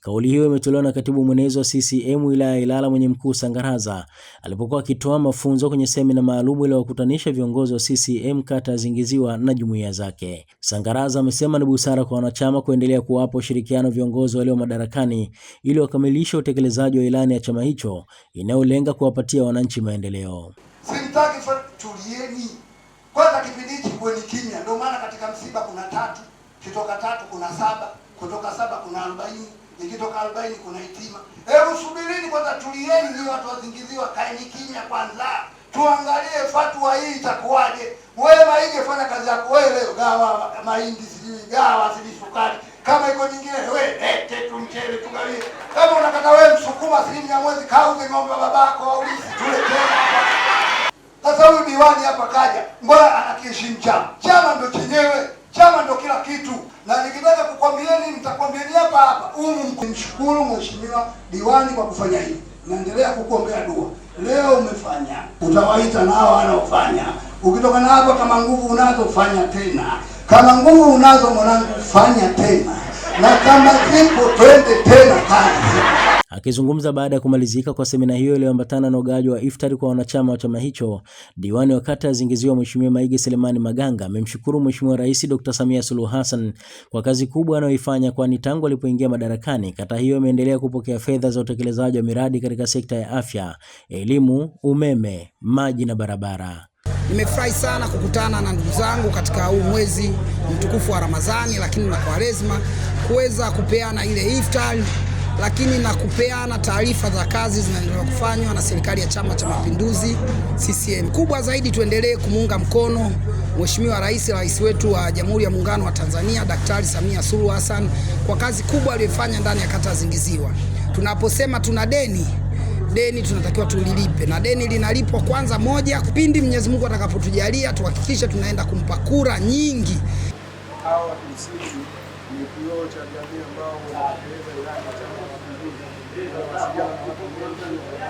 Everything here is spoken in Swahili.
Kauli hiyo imetolewa na katibu mwenezi wa CCM wilaya ya Ilala mwenye mkuu Sangaraza alipokuwa akitoa mafunzo kwenye semina maalumu iliyowakutanisha viongozi wa CCM kata ya Zingiziwa na jumuiya zake. Sangaraza amesema ni busara kwa wanachama kuendelea kuwapa ushirikiano viongozi walio madarakani ili wakamilishe utekelezaji wa ilani ya chama hicho inayolenga kuwapatia wananchi maendeleo. Simtaki tulieni kwanza, kipindi hiki kuweni kimya. Ndio maana katika msiba kuna tatu, kitoka tatu kuna saba, kutoka saba kuna arobaini nikitoka arobaini kuna hitima. Hebu subirini kwanza, tulieni ni watu wazingiziwa, kaeni kimya kwanza, tuangalie fatwa hii itakuwaje. Wewe Maige, fanya kazi yako wewe, leo gawa mahindi, sijui gawa sijui sukari, kama iko nyingine wewe lete tu mchele tugawie. Kama unakata wewe msukuma shilingi ya mwezi, kauze ng'ombe babako au hizi tule tena. Sasa huyu diwani hapa kaja, mbona anakiheshimu chama? Chama ndio chenyewe, chama ndio kila kitu na nikitaka kukwambieni nitakwambieni hapa hapa. Nimshukuru mheshimiwa diwani kwa kufanya hivi, naendelea kukuombea dua. Leo umefanya, utawaita na hawa wanaofanya. Ukitoka na hapa, kama nguvu unazofanya tena, kama nguvu unazo mwanangu, fanya tena, na kama zipo twende tena kazi. Akizungumza baada ya kumalizika kwa semina hiyo iliyoambatana na ugawaji wa iftari kwa wanachama wa chama hicho, diwani wa kata ya Zingiziwa Mheshimiwa Maige Selemani Maganga amemshukuru Mheshimiwa Rais Dr. Samia Suluhu Hassan kwa kazi kubwa anayoifanya, kwani tangu alipoingia madarakani kata hiyo imeendelea kupokea fedha za utekelezaji wa miradi katika sekta ya afya, elimu, umeme, maji na barabara. Nimefurahi sana kukutana na ndugu zangu katika huu mwezi mtukufu wa Ramadhani, lakini na Kwaresma kuweza kupeana ile iftari lakini na kupeana taarifa za kazi zinaendelea kufanywa na serikali ya Chama cha Mapinduzi CCM. Kubwa zaidi, tuendelee kumuunga mkono Mheshimiwa Rais, rais wetu wa Jamhuri ya Muungano wa Tanzania Daktari Samia Suluhu Hassan kwa kazi kubwa aliyofanya ndani ya kata Zingiziwa. Tunaposema tuna deni deni tunatakiwa tulilipe, na deni linalipwa kwanza, moja, pindi Mwenyezi Mungu atakapotujalia tuhakikishe tunaenda kumpa kura nyingi ni kioo cha jamii ambao wanatekeleza ilani ya Chama cha Mapinduzi,